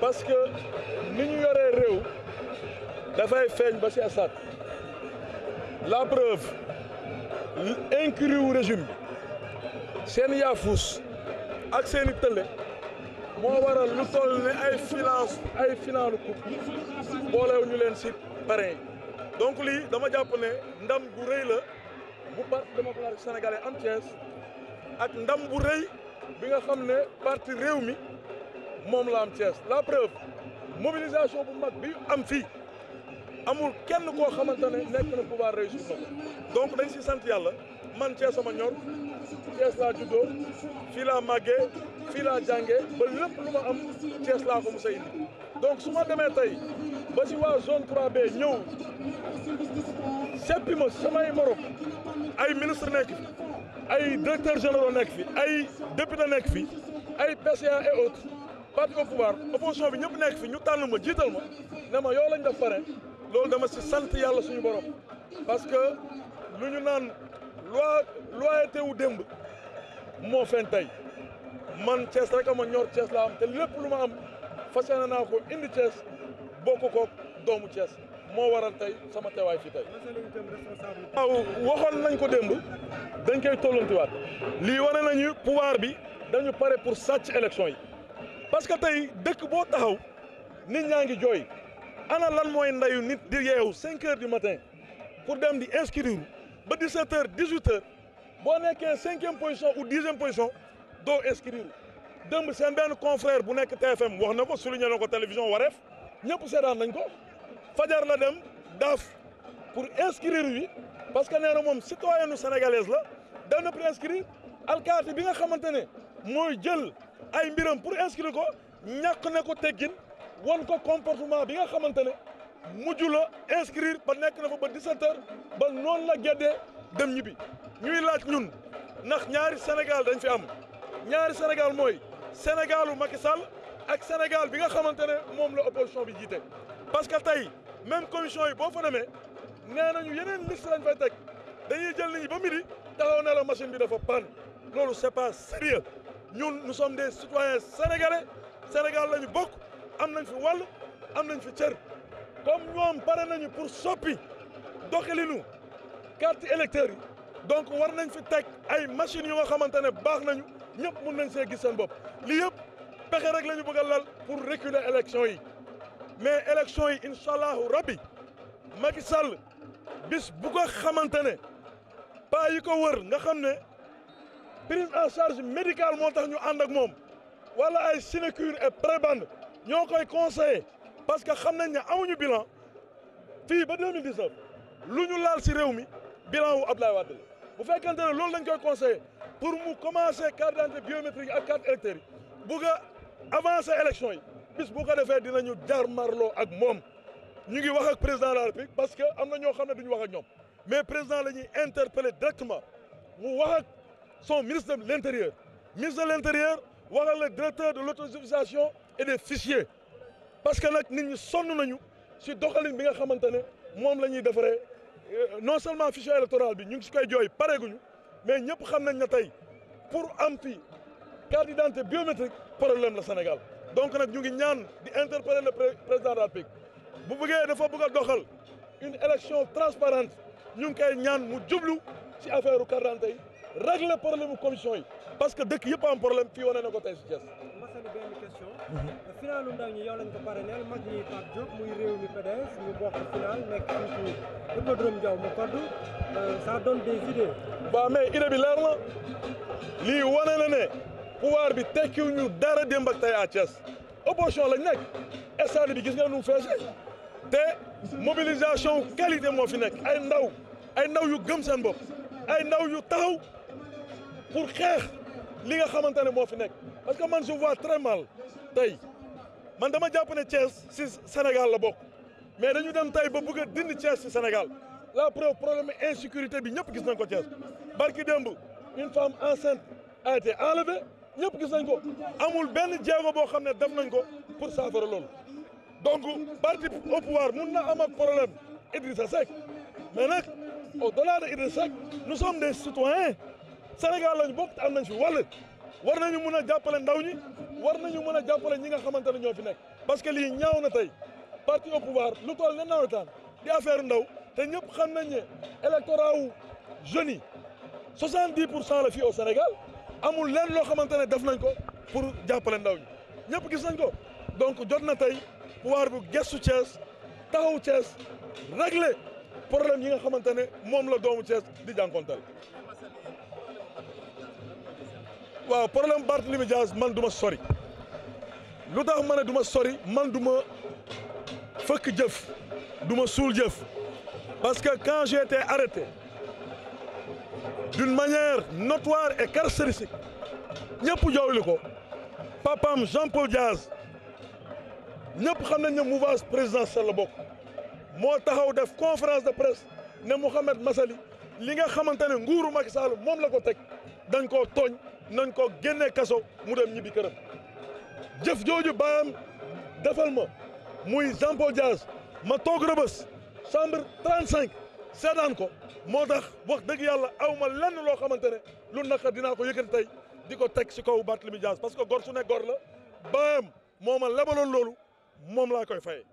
parce que ni ñu yoree réew dafay feeñ ba ci Assad la preuve incurie wu régime seen yaafuus ak seen i tëlle moo waral lu ay finance ay finaalu coupe boolew ñu leen ci parrain donc lii dama jàpp ne ndam gu rëy la bu parti démocratique sénégalais am Thiès ak ndam bu rëy bi nga xam ne parti réew mi moom la am Thiès la preuve mobilisation bu mag bi am fii amul kenn koo xamante ne nekk na pouvoir réussir na donc dañ si sant yàlla man Thiès sama ñor Thiès laa juddoo fii laa magge fii laa jàngee ba lépp lu ma am Thiès laa ko mos a indi donc su ma demee tey ba si waa zone 3B ñëw seppi ma samay morom ay ministre nekk fi ay directeur général nekk fi ay député nekk fi ay PCA et autres parti au pouvoir opposition bi ñëpp nekk fi ñu tànn ma jiital ma ne ma yow lañ def pare loolu dama si sant yàlla suñu borom parce que lu ñu naan loi loyauté wu démb moo fen tey man Thiès rek ama ñor Thiès laa am te lépp lu ma am fas yéene naa ko indi Thiès bokk ko doomu cees moo waral tey sama teewaay fii tey. waaw waxoon nañ ko démb dañ koy tollantiwaat lii wane nañu pouvoir bi dañu pare pour sàcc élection yi. parce que tey dëkk boo taxaw nit ñaa ngi joy ana lan mooy ndeyu ni di yeewu 5 heures du matin pour dem di inscrire ba 17 heures 18 boo nekkee cinquième position ou dixième position doo inscrire démb seen benn confrère bu nekk TFM wax na ko souligné na ko télévision wareef ñëpp seetaan nañ ko fajar la dem daf pour inscrire wi parce que nee na moom citoyenne sénégalaise la dem na pour inscrire alkaati bi nga xamante ne mooy jël. ay mbiram pour inscrire ko ñàkk na ko teggin wan ko comportement bi nga xamante ne mujj la inscrire ba nekk ne fa ba 17 heures ba noonu la géddee dem ñibbi ñuy laaj ñun ndax ñaari Sénégal dañ fi am ñaari Sénégal mooy Sénégalu Macky Sall ak Sénégal bi nga xamante ne moom la opposition bi jiite. parce que tey même commission yi boo fa demee nee nañu yeneen liste lañ fay teg dañuy jël nit ñi ba midi taxaw ne la machine bi dafa panne loolu c'est pas ñun nous sommes des citoyens sénégalais Sénégal la ñu bokk am nañ fi wal am nañ fi cër comme ñoom pare nañu pour soppi doxalinu carte électeur yi donc war nañ fi teg ay machines yu nga xamante ne baax nañu ñëpp mun nañ see gis bopp lii yëpp pexe rek lañu ñu bëgg lal pour reculer élection yi mais élection yi incha allahu rabbi Macky Sall bis bu ko xamante ne pas yi ko wër nga xam ne prise en charge médicale moo tax ñu ànd ak moom wala ay sinécure et prébande ñoo koy conseillé parce que xam nañ ne amuñu bilan fii ba 2019 lu ñu laal si réew mi bilan wu laa Wade la bu fekkente ne loolu lañ koy conseillé pour mu commencer carte d'identité biométrique ak carte électeur yi bugg a avancer élection yi bis bu ko defee dinañu jar marloo ak moom ñu ngi wax ak président de la république parce que am na ñoo xam ne duñu wax ak ñoom mais président la ñuy interpeller directement son ministre de l'Intérieur. ministre de l'Intérieur wala le directeur de l'autosuffisance et des fichiers parce que nag nit ñi sonn nañu si doxalin bi nga xamante ne moom la ñuy defaree euh, non seulement fichier électoral bi ñu ngi si koy jooy pareeguñu mais ñëpp xam nañ ne tey pour am fi carte d'identité biométrique problème la Sénégal donc nag ñu ngi ñaan di interpeller le président de la bu bëggee dafa bëgg a doxal une élection transparente ñu ngi koy ñaan mu jublu si affaire u carte régler problème commission yi parce que dëkk yëpp am problème fii wane na ko tey si Thiès. Massali benn question. finalu ndaw ñi yow lañ ko parrainé mag ñi Pape Diop muy réew mi PDS ñu bokk final nekk fii ci hippodrome Diaw mu kodd euh, ça donne des idées. waaw mais bi leer na lii wane na ne pouvoir bi tekkiw ñu dara démb ak tey à Thiès opposition lañ nekk stade bi gis nga nu mu feesee te mobilisation qualité moo fi nekk ay ndaw ay ndaw yu gëm seen bopp ay ndaw yu taxaw. pour xeex li nga xamante ne moo fi nekk parce que man je vois très mal tey man dama jàpp ne Thiès si Sénégal la bokk mais dañu dem tey ba bëgg a dindi Thiès si Sénégal la preuve problème insécurité bi ñëpp gis nañ ko Thiès barki démb une femme enceinte a été enlevée ñëpp gis nañ ko amul benn jéego boo xam ne def nañ ko pour saafara loolu donc parti au pouvoir na am ak problème Idrissa Seck mais nag au delà de Idrissa Seck nous sommes des citoyens Sénégal lañ bokk am nañ fi wàll war nañu mun a jàppale ndaw ñi war nañu mën a jàppale ñi nga xamante ne ñoo fi nekk parce que lii ñaaw na tey parti au pouvoir lu toll ne nawetaan di affaire ndaw te ñëpp xam nañ ne électorat wu jeunes yi soixante dix pour cent la fii au amul leen loo xamante ne def nañ ko pour jàppale ndaw ñi ñëpp gis nañ ko donc jot na tey pouvoir bu gestu Thiès taxaw Thiès régler problème yi nga xamante ne moom la doomu Thiès di jànkonteel waaw problème Barthélémy Dias man du sori lu tax man ne du sori man du ma fëkk jëf duma ma suul jëf parce que quand j'ai été arrêté d'une manière notoire et caractéristique ñëpp joowli ko papam Jean-Paul Dias ñëpp xam nañ ne mouvance présidentielle la bokk moo taxaw def conférence de presse ne Mouhamed Massaly li nga xamante ne nguuru Macky Sall moom la ko teg dañ koo tooñ nañ ko génne kaso mu dem ñibbi këram jëf jooju baam defal ma muy Jean Paul ma toog rëbës chambre 35 seetaan ko moo tax wax dëgg yàlla aw ma lenn loo xamante ne lu naka dinaa ko yëkkati tey di ko teg si kaw Barthélémy Diaz parce que gor su ne gor la baam moo ma lebaloon loolu moom laa koy fayee